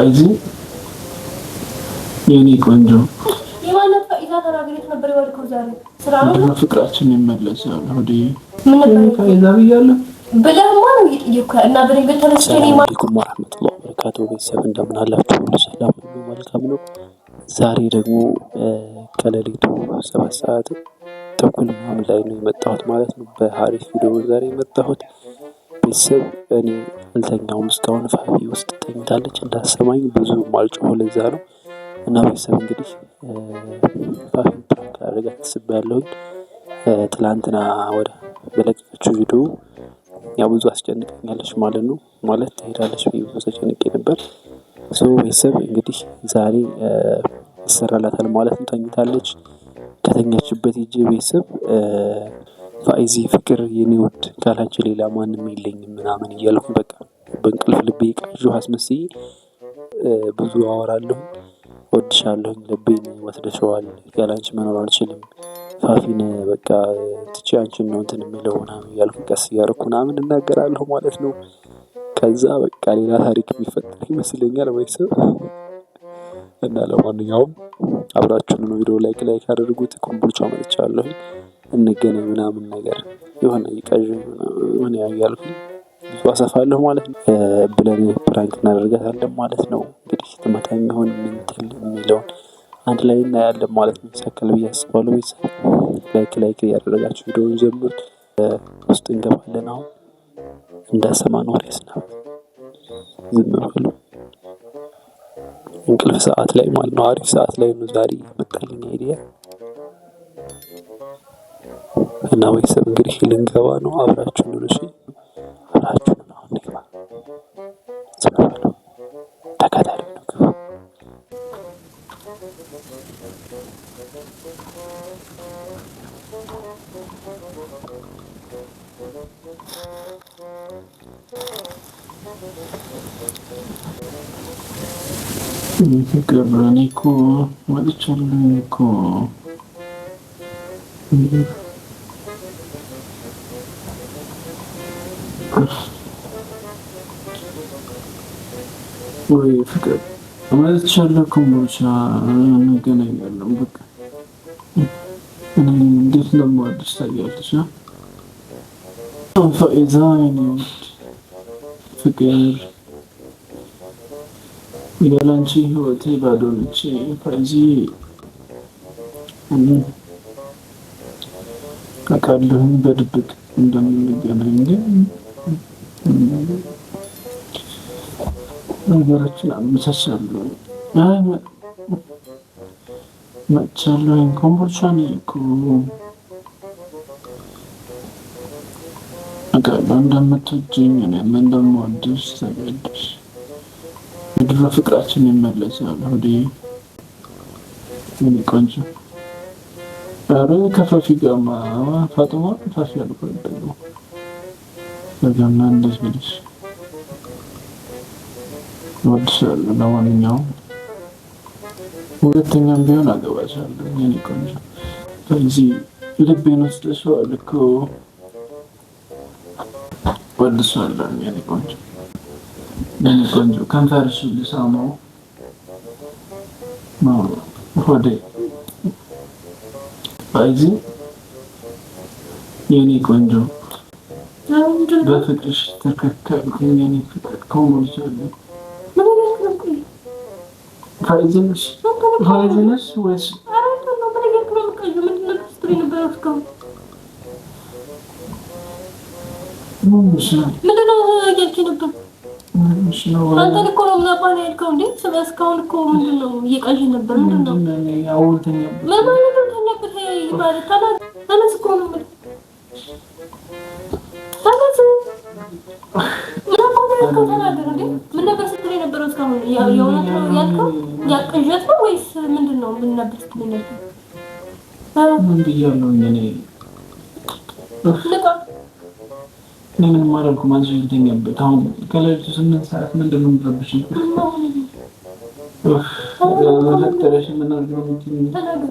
አይዚ የኔ ቆንጆ ፍቅራችን ይመለሳል። ሰላም አለይኩም ወረህመቱላሂ ወበረካቱ። ቤተሰብ እንደምን አላችሁ? ሰላም ነው፣ መልካም ነው። ዛሬ ደግሞ ከሌሊቱ ሰባት ሰዓት ተኩል ምናምን ላይ ነው የመጣሁት ማለት ነው። በሀሪፍ ቪዲዮ ዛሬ የመጣሁት ቤተሰብ እኔ አልተኛውም እስካሁን ፋፊ ውስጥ ተኝታለች እንዳሰማኝ ብዙ ማልጮ ለዛ ነው። እና ቤተሰብ እንግዲህ ፋፊ ፕራንክ ትስብ ያለውኝ ትላንትና ወደ በለቀቀችው ቪዲዮ ያው ብዙ አስጨንቀኛለች ማለት ነው። ማለት ትሄዳለች ብዙ ተጨንቄ ነበር። ሶ ቤተሰብ እንግዲህ ዛሬ ይሰራላታል ማለት ነው። ተኝታለች ከተኛችበት ሄጄ ቤተሰብ ፋይዚ ፍቅር የኔ ውድ ካላንቺ ሌላ ማንም የለኝም ምናምን እያልኩ በቃ በእንቅልፍ ልቤ ቃዥሁ አስመስዬ ብዙ አወራለሁ። ወድሻለሁኝ፣ ልቤን ወስደሸዋል፣ ያላንቺ መኖር አልችልም፣ ፋፊን በቃ ትቼ አንቺን ነው እንትን የምለው ምናምን እያልኩ ቀስ እያደረኩ ምናምን እናገራለሁ ማለት ነው። ከዛ በቃ ሌላ ታሪክ የሚፈጠር ይመስለኛል ቤተሰብ እና ለማንኛውም አብራችሁን ነው ቪዲዮ ላይክ ላይክ አድርጉት። ኮምቦልቻ መጥቻለሁኝ። እንገናኝ ምናምን ነገር የሆነ ይቀዥ ምን ያያልኩ ብዙ አሰፋለሁ ማለት ነው ብለን ፕራንክ እናደርጋታለን ማለት ነው። እንግዲህ ስትመታኝ ይሆን ምንትል የሚለውን አንድ ላይ እናያለን ማለት ነው። ይሳካል ብዬ አስባለሁ። ቤተሰብ ላይክ ላይክ እያደረጋችሁ ቪዲዮውን ጀምሩት። ውስጥ እንገባለን። አሁን እንዳሰማ ኖር ሬስና ዝም ብሎ እንቅልፍ ሰዓት ላይ ማለት ነው። አሪፍ ሰዓት ላይ ነው ዛሬ የመጣልኝ አይዲያ እና ቤተሰብ እንግዲህ ልንገባ ነው። አብራችሁ ነው እሺ፣ አብራችሁ ነው እንግባ። ስለሆነ ተከታተሉ ይህ ፍቅር እኔ እኮ መጥቻለሁ እኮ ወይ ፍቅር ማለት ቻለ ኮምቦልቻ እንገናኛለን። በቃ እኔ እንዴት ለማድረስ ታያለች ፈኢዛ ይኔወድ ፍቅር ያላንቺ ህይወቴ ባዶ ነች። ፈዚ አውቃለሁኝ በድብቅ እንደምንገናኝ ግን ነገሮችን አመቻቻለሁ መቻለሁኝ። ኮምቦልቻ ነኝ እኮ አውቃለሁ እንደምትወጂኝ እኔም እንደምወድሽ ተገድሽ የድሮ ፍቅራችን ይመለሳል። ወደ ቆንጆ ኧረ ከሰው ሲጋማ ፈጥሞ ንፋስ ያልኩ አይጠቅም። በጋና እንደዚህ ልጅ እወድሻለሁ። ለማንኛውም ሁለተኛም ቢሆን አገባሻለሁ የኔ ቆንጆ። ከዚህ ልቤን ወስደሽዋል እኮ። እወድሻለሁ የኔ ቆንጆ፣ የኔ ቆንጆ ከንፈርሽ ልሳመው ሆዴ አይዚ የኔ ቆንጆ በፍቅርሽ ተከተልኩኝ የኔ ፍቅር ከሞልቻለሁ። ፋይዚ ነሽ ፋይዚ ነሽ ወይስ እያልክ ነበር? አንተ ነው እስካሁን እኮ ምንድን ነው እየቃዥ ነበር? ምንድን ነው ምንም አላልኩም። አንቺ ልተኛበት። አሁን ከሌሊቱ ስምንት ሰዓት ምንድን ነው የምትረብሽኝ? ተናገር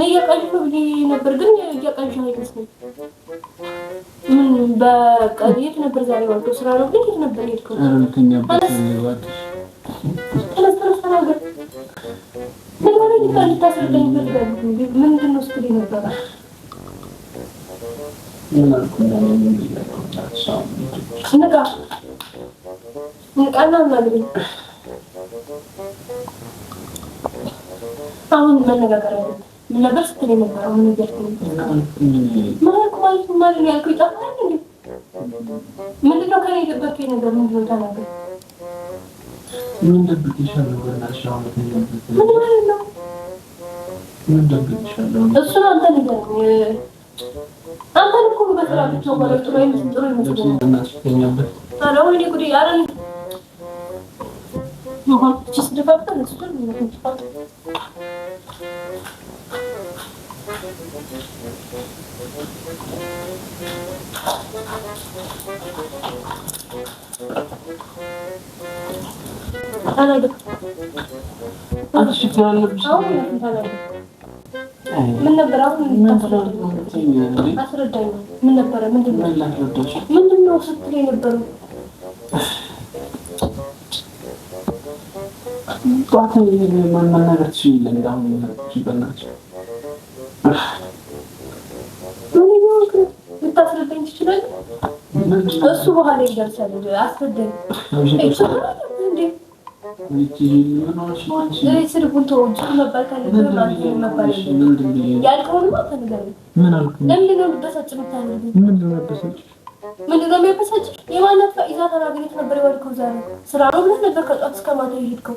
እኔ እያቀልሽ ነው ብዬ ነበር፣ ግን እያቀልሽ አይመስለኝም። ምን በቃ የት ነበር ዛሬ ዋልከው? ስራ ነው ግን የት ነበር ምንድን ነው አሁን መነጋገር አይደለም ምን ነበር ስትል የነበረው? ምን ነገር ምን Yoğurt içesine baksana sürmüyor. Aradık. Hadi şu kralını bir şey. Almıyorum aradık. ምን ነበር አሁን አስረዳኝ። ምን ነበረ? ምንድን ነው ምንድን ነው ስትል የነበረው? ጠዋት መናገር ትችል እንዳሁን በናቸው ልታስረዳኝ እሱ በኋላ ይደርሳል። አስረዳኝ። ስድቡን ተወው። ያልከውንማ የማናት ፈኢዛ ተናገሬት ነበር የዋልከው ዛሬ ስራ ነው ብለህ ነበር ከጧት እስከ ማታ የሄድከው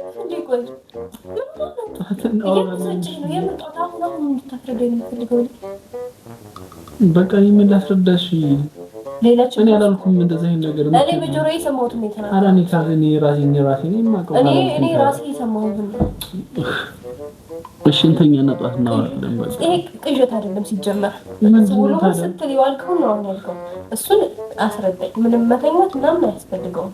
በቃ የምን ላስረዳሽ? እኔ አላልኩም እንደዚህ አይነት ነገር ነው። እኔ በጆሮ የሰማሁት ነው እኔ ራሴ እኔ ራሴ እኔ እኔ ነው። ጠዋት እናወራለን። ይሄ ቅዠት አይደለም ሲጀመር ውሎ ስትል የዋልከው ነው ያልከው። እሱን አስረዳኝ። ምንም መተኛት ምናምን አያስፈልገውም።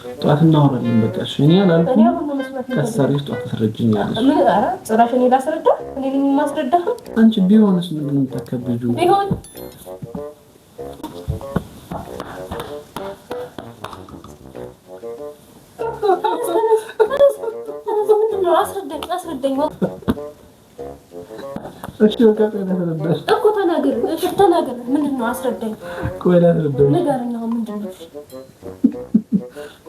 ጠዋት እናወራለን። በቃ እሺ። እኔ አላልኩም ከሰሪሽ ጠዋት ታስረጅኛለሽ። ጭራሽ እኔ ላስረዳ? እኔ የማስረዳህ አንቺ ቢሆንስ ምንድን ነው የምታከብጂው? ቢሆን አስረዳኝ፣ አስረዳኝ። እኮ ተናገር። ተናገር። ምንድን ነው አስረዳኝ። ቆይ ላስረዳሽ፣ ንገረኝ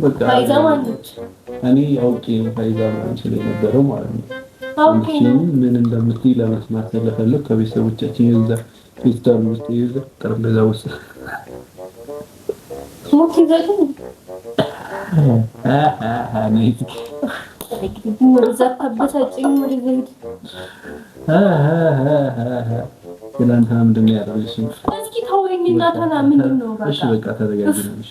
ፋይዛ ማለች እኔ አውቄ ፋይዛ ማለት የነበረው ማለት ነው። ምን እንደምትይ ለመስማት ስለፈለግ ከቤተሰቦቻችን የዛ ፌስታል ውስጥ የዛ ጠረጴዛ ውስጥ ትላንትና ምንድን ነው ያደረገችው? እስኪ ተወኝ እናታና ምንድን ነው? እሺ በቃ ተረጋግናለሽ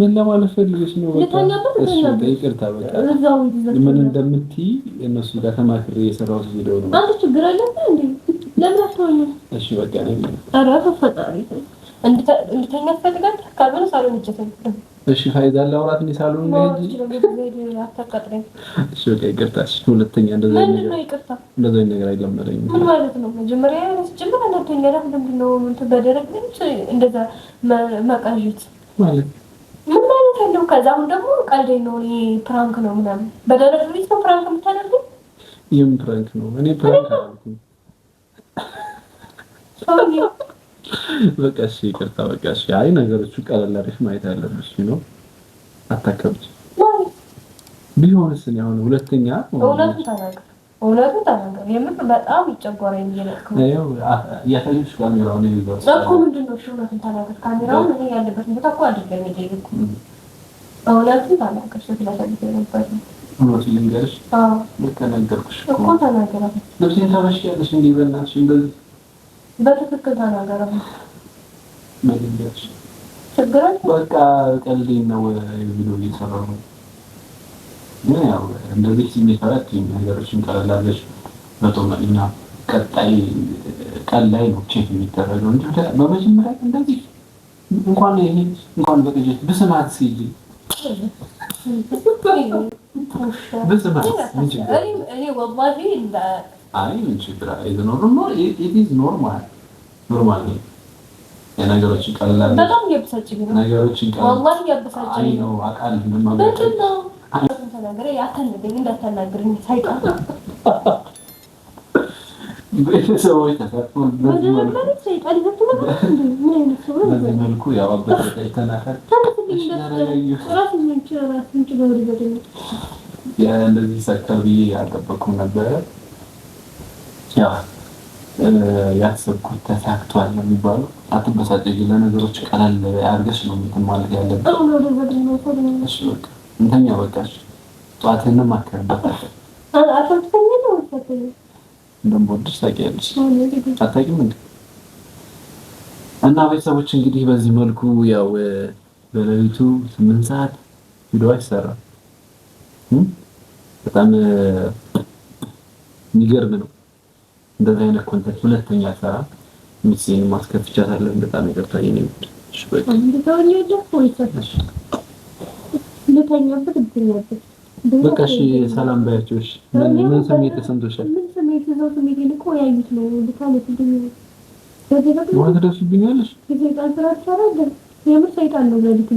ምን ለማለት ፈልገሽ ነው? ይቅርታ በቃ ምን እንደምትይ እነሱ ጋር ተማክሬ የሰራሁት ቪዲዮ ነው። አንተ ችግር አለብህ እንዴ? ለምን አትሆንም? እሺ በቃ ኧረ ፈጣሪ እንድተኛ ትፈልጋለህ? ካልሆነ ሳሎን ሂጅ። እሺ ፋይዛ ላውራት ሳሎን ነው እንጂ እሺ በቃ ይቅርታ። እሺ ሁለተኛ እንደዛ ነገር አይለመደኝም። ምን ማለት ነው? መጀመሪያ ሲጀምር ነው በደረግ እንደዛ ማለት ምን ማለት ያለው ከዛ አሁን ደግሞ ቀልድ ነው ይሄ ፕራንክ ነው ምናምን በደረቅ ቤት ነው ፕራንክ የምታደርገው ይህም ፕራንክ ነው እኔ ፕራንክ በቃ እሺ ይቅርታ በቃ እሺ አይ ነገሮቹ ቀለል አሪፍ ማየት ያለብሽ ነው አታከብች ቢሆንስ አሁን ሁለተኛ እውነቱን ተናገር እውነቱ ተናገር። የምር በጣም ይጨጓራል። ምንድነው እውነቱን ተናገር። ካሜራውን እኔ ያለበትን ቦታ እኮ አድርገን እውነቱን ተናገር። ስለፈልግ ነበር እውነቱ ልንገርሽ ልክ ነገርኩሽ እኮ ተናገር። ልብሴን ተመሽያለሽ እንዲህ በእናትሽ እንደዚህ በትክክል ተናገረ። ችግር በቃ ቀልዴን ነው ብሎ እየሰራ ነው ግን ያው እንደዚህ ስሜት አራት ነገሮችን ቀለላለች በጦመኛ ቀጣይ ቀን ላይ ነው ቼክ የሚደረገው እንጂ በመጀመሪያ እንደዚህ እንኳን ይሄ እንኳን በቅጅት ብስማት ሲይ ብስማት አይ ምን ችግር ኖርማል ኖርማል ነው። ነገሮችን ቀላል ነገሮችን ቀላል አይ ነው አቃል ምንም ተናገረ ያታልልኝ እንዳታናግርኝ ሳይቀር ቤተሰቦች መልኩ እንደዚህ ሰከር ብዬ አልጠበኩም ነበረ። ያሰብኩት ተሳክቷል ነው የሚባለው። አትበሳጭ፣ ለነገሮች ቀላል አድርገሽ ነው ማለት ያለብሽ። እንተኛ በቃሽ። ጠዋትንም አከርበታል እንደምወድሽ ታውቂያለሽ፣ እና ቤተሰቦች እንግዲህ በዚህ መልኩ ያው በሌሊቱ ስምንት ሰዓት ቪዲዮ አይሰራም። በጣም የሚገርም ነው። እንደዚህ አይነት ኮንተንት ሁለተኛ ሰራ ሚስቴን ማስከፍቻታለሁ። በጣም ይቅርታ የኔ ውድ። እሺ በቃ በቃ እሺ፣ ሰላም ባያቸው። እሺ፣ ምን ስሜት ተሰምቶሻል? ምን ስሜት ነው? ልቆ ያዩት ነው። ልካለ ትደኝ ወደ ደርሱብኛለሽ። ሰይጣን ነው ለዲት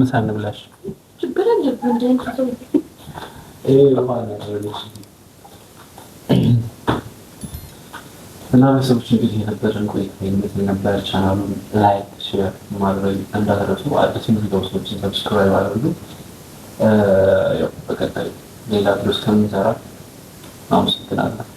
ምሳ እንብላሽ። እና በሰዎች እንግዲህ የነበረን ቆይታ የሚመስል ነበር። ቻናሉን ላይክ፣ ሼር ማድረግ እንዳትረሱ። አዲስ የሚገቡ ሰዎችን ሰብስክራይብ አድርጉ። በቀጣይ ሌላ ቪዲዮ እስከምንሰራ አመሰግናለሁ።